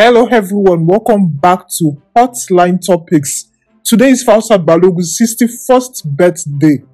Hello, everyone. Welcome back to Hotline Topics. Today is Fausa Balogun's 61st birthday.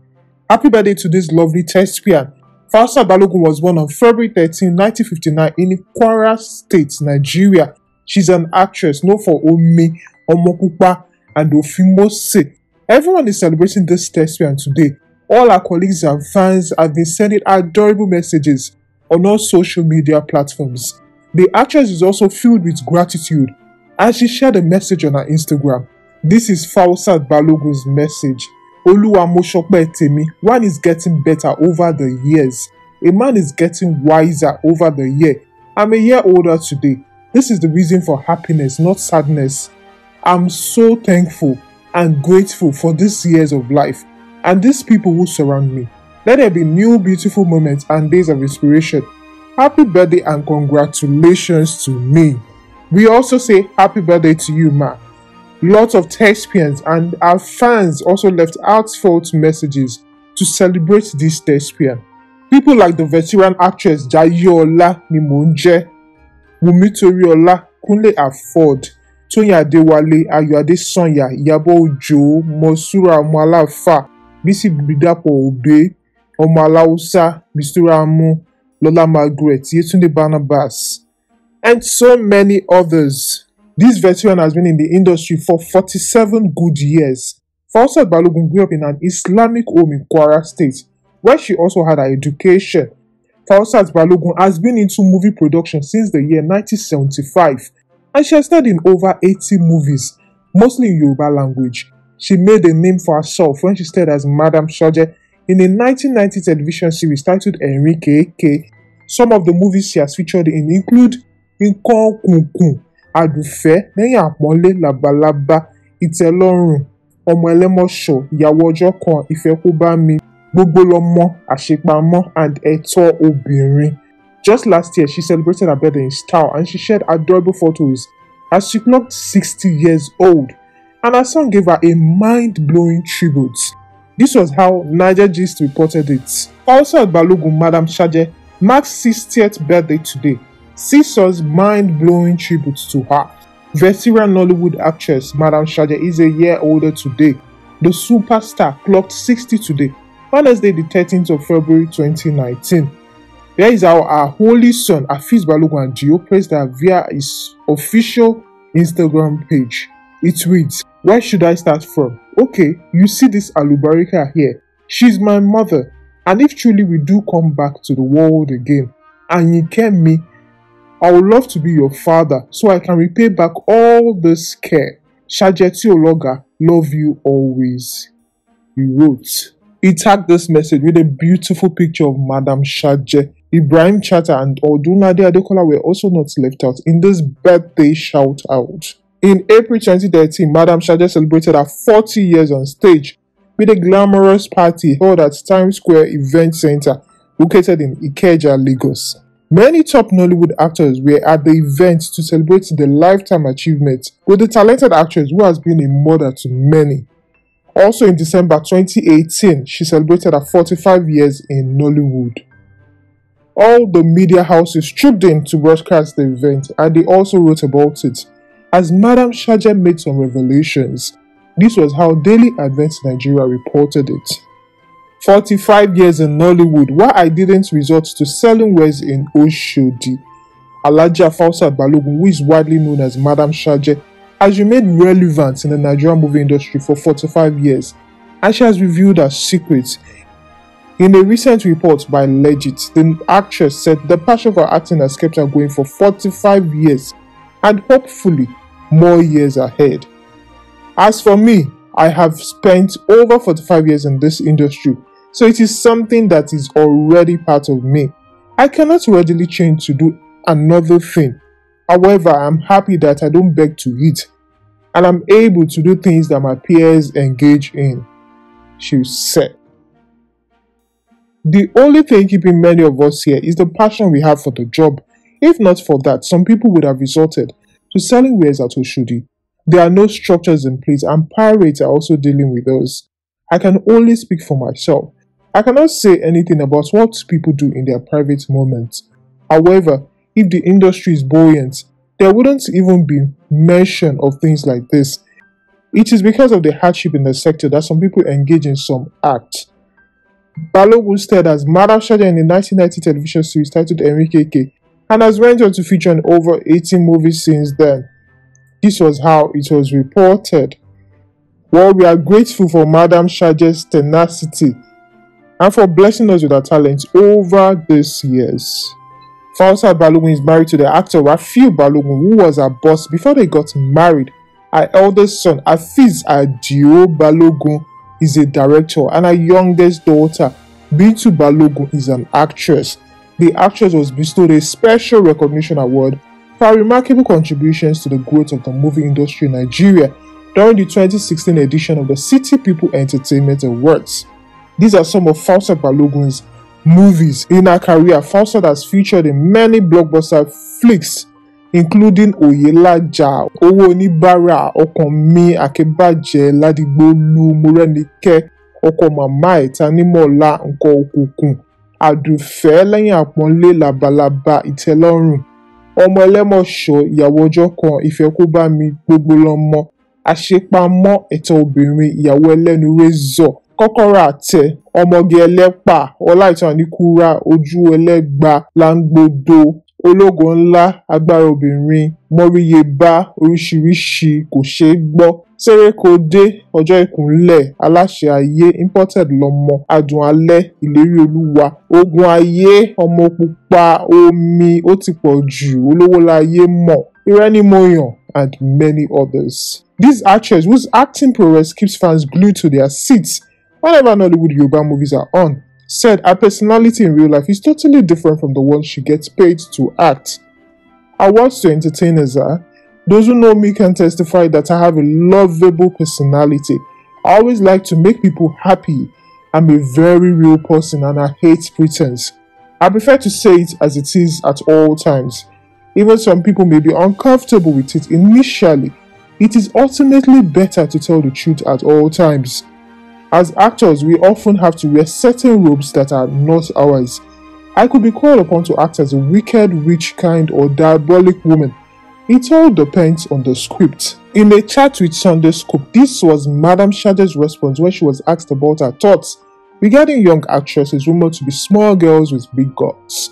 Happy birthday to this lovely thespian. Fausa Balogun was born on February 13, 1959 in Kwara State, Nigeria. She's an actress known for Omi, Omokupa, and Ofimose. Everyone is celebrating this thespian today. All our colleagues and fans have been sending adorable messages on all social media platforms. The actress is also filled with gratitude as she shared a message on her Instagram. This is Fausat Balogun's message. Oluwa Moshope Temi, one is getting better over the years. A man is getting wiser over the year. I'm a year older today. This is the reason for happiness, not sadness. I'm so thankful and grateful for these years of life and these people who surround me. Let there be new beautiful moments and days of inspiration Happy birthday and congratulations to me. We also say happy birthday to you, Ma. Lots of thespians and our fans also left heartfelt messages to celebrate this thespian. People like the veteran actress Jayola Nimonje, Wumi Toriola, Kunle Afford, Toyin dewale, Ayuade Sonya, Yabo Jo, Mosura Ọmọaláàfáà, fa, Bidapo Obe, Ọmọ Aláùsá, Mr. Amu, Lola Margaret, Yetunde Barnabas, and so many others. This veteran has been in the industry for 47 good years. Fausat Balogun grew up in an Islamic home in Kwara State, where she also had her education. Fausat Balogun has been into movie production since the year 1975, and she has starred in over 80 movies, mostly in Yoruba language. She made a name for herself when she starred as Madame Shoje in a 1990 television series titled Enrique K. Some of the movies she has featured in include Nkan Kunkun, Àdùfẹ́, Lẹ́yìn Àpọ́nlé, Làbàlábá, Ìtẹ́lọ́rùn, Ọmọ Show*, Ìyàwó Ọjọ́ Kan, Ìfẹ́ Kó and Ẹ̀tọ́ Obìnrin. Just last year, she celebrated her birthday in style and she shared adorable photos as she clocked 60 years old. And her son gave her a mind blowing tribute. This was how Niger Gist reported it. Also at Balogun, Madam Shaje marks 60th birthday today, Caesar's mind-blowing tribute to her. Veteran Nollywood actress Madam Shaja is a year older today. The superstar clocked 60 today, Wednesday the 13th of February 2019. There is our holy son Afiz Balogun Gio, praised her via his official Instagram page. It reads, Where should I start from? Okay, you see this alubarika here. She's my mother. And if truly we do come back to the world again, and you care me, I would love to be your father so I can repay back all this care. Shajeti Ologa, love you always. He wrote. He tagged this message with a beautiful picture of Madam Shaje. Ibrahim Chata and Odunade Adekola were also not left out in this birthday shout out. In April 2013, Madam Shaje celebrated her 40 years on stage with a glamorous party held at Times Square Event Center located in Ikeja, Lagos. Many top Nollywood actors were at the event to celebrate the lifetime achievement with the talented actress who has been a mother to many. Also in December 2018, she celebrated her 45 years in Nollywood. All the media houses trooped in to broadcast the event and they also wrote about it as Madam Shaja made some revelations this was how Daily Advance Nigeria reported it. 45 years in Nollywood, why I didn't resort to selling wares in Oshodi. Alaja Fausat Balogun, who is widely known as Madam Shaje, has remained relevant in the Nigerian movie industry for 45 years, and she has revealed her secrets. In a recent report by Legit, the actress said the passion for acting has kept her going for 45 years and hopefully more years ahead. As for me, I have spent over 45 years in this industry, so it is something that is already part of me. I cannot readily change to do another thing. However, I'm happy that I don't beg to eat and I'm able to do things that my peers engage in, she said. The only thing keeping many of us here is the passion we have for the job. If not for that, some people would have resorted to selling wares at Oshudi there are no structures in place, and pirates are also dealing with us. I can only speak for myself. I cannot say anything about what people do in their private moments. However, if the industry is buoyant, there wouldn't even be mention of things like this. It is because of the hardship in the sector that some people engage in some acts. Balogun starred as Madam Shaja in the 1990 television series titled MKK and has went on to feature in over 18 movies since then. This was how it was reported. Well, we are grateful for Madam Shaje's tenacity and for blessing us with her talents over these years. Fausa Balogun is married to the actor Rafiu Balogun, who was her boss before they got married. Her eldest son, Afiz Adio Balogun, is a director, and her youngest daughter, Bintu Balogun, is an actress. The actress was bestowed a special recognition award her remarkable contributions to the growth of the movie industry in Nigeria during the 2016 edition of the City People Entertainment Awards. These are some of Fawcett Balogun's movies in her career. Fawcett has featured in many blockbuster flicks, including Oyelaja, Owo Onibara, Okanmi, Akebaje, Ladigbolu, Morenike, Oko Mama Ẹ̀, Tanimola, Nko Okunkun, Àdùfẹ́, Lẹ́yìn Àpọ́nlé, Labalábá, Ìtẹ́lọ́rùn ọmọ ẹlẹ́mọ̀ṣọ́ ìyàwó ọjọ́ kan ìfẹ́kúbámi gbogbo lọ́mọ àṣepamọ́ ẹ̀tọ́ obìnrin ìyàwó ẹlẹ́nu rẹ́zọ̀ kọ́kọ́rọ́ àtẹ ọmọge ẹlẹ́pà ọláìtàn àníkúra ojú ẹlẹ́gba láńgbòdo ológo ńlá agbára obìnrin móríyé bá oríṣiríṣi kò ṣeé gbọ́ sẹ̀rẹ̀kòde ọjọ́ ìkúnlẹ̀ aláṣẹ ayé imported lọmọ adùn alẹ́ ìlérí olúwa ogun ayé ọmọ pupa omi ó ti pọ̀ jù olówó láyé mọ̀ ìrẹ́nimoyàn and many others. These actors whose acting prowess keeps fans glued to their seats whenever Nollywood Yoruba movies are on said her personality in real life is totally different from the one she gets paid to act. I watch the entertainers are. Those who know me can testify that I have a lovable personality. I always like to make people happy. I'm a very real person and I hate pretense. I prefer to say it as it is at all times. Even some people may be uncomfortable with it initially. It is ultimately better to tell the truth at all times. As actors, we often have to wear certain robes that are not ours. I could be called upon to act as a wicked, witch kind, or diabolic woman. It all depends on the script. In a chat with Sunday Scoop, this was Madame Shade's response when she was asked about her thoughts regarding young actresses rumored to be small girls with big guts.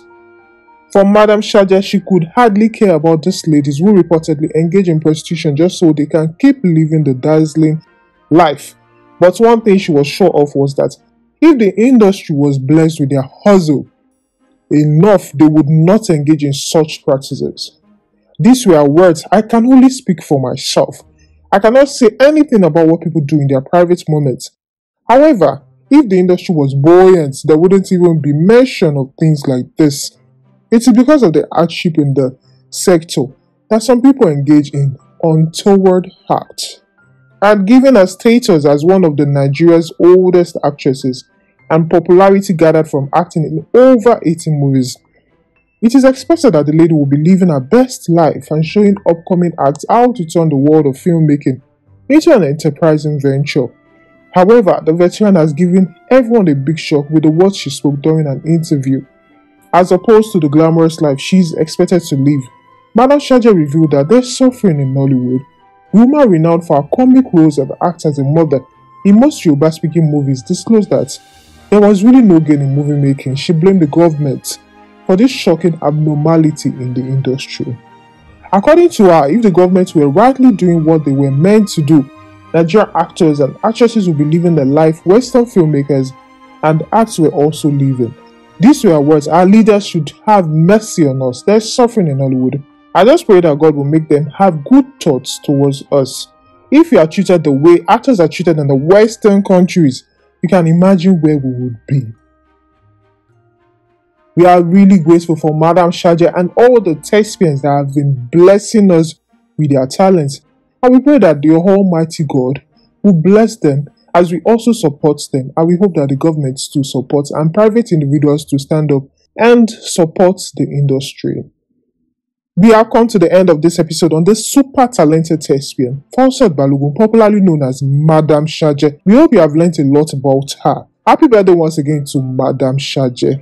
For Madame Shadia, she could hardly care about these ladies who reportedly engage in prostitution just so they can keep living the dazzling life but one thing she was sure of was that if the industry was blessed with their hustle enough, they would not engage in such practices. These were words I can only speak for myself. I cannot say anything about what people do in their private moments. However, if the industry was buoyant, there wouldn't even be mention of things like this. It is because of the hardship in the sector that some people engage in untoward acts had given her status as one of the Nigeria's oldest actresses and popularity gathered from acting in over 80 movies. It is expected that the lady will be living her best life and showing upcoming acts how to turn the world of filmmaking into an enterprising venture. However, the veteran has given everyone a big shock with the words she spoke during an interview. As opposed to the glamorous life she is expected to live, Madam Shaja revealed that there's suffering in Nollywood Wilma, renowned for her comic roles and act as a mother in most Yoruba speaking movies, disclosed that there was really no gain in movie making. She blamed the government for this shocking abnormality in the industry. According to her, if the government were rightly doing what they were meant to do, Nigerian actors and actresses would be living the life Western filmmakers and acts were also living. These were words our leaders should have mercy on us. There's suffering in Hollywood. I just pray that God will make them have good thoughts towards us. If we are treated the way actors are treated in the Western countries, you can imagine where we would be. We are really grateful for Madam Shaja and all the thespians that have been blessing us with their talents. And we pray that the Almighty God will bless them as we also support them. And we hope that the governments to support and private individuals to stand up and support the industry. We have come to the end of this episode on this super talented thespian, Falset Balogun, popularly known as Madame Shaje. We hope you have learned a lot about her. Happy birthday once again to Madame Shaje.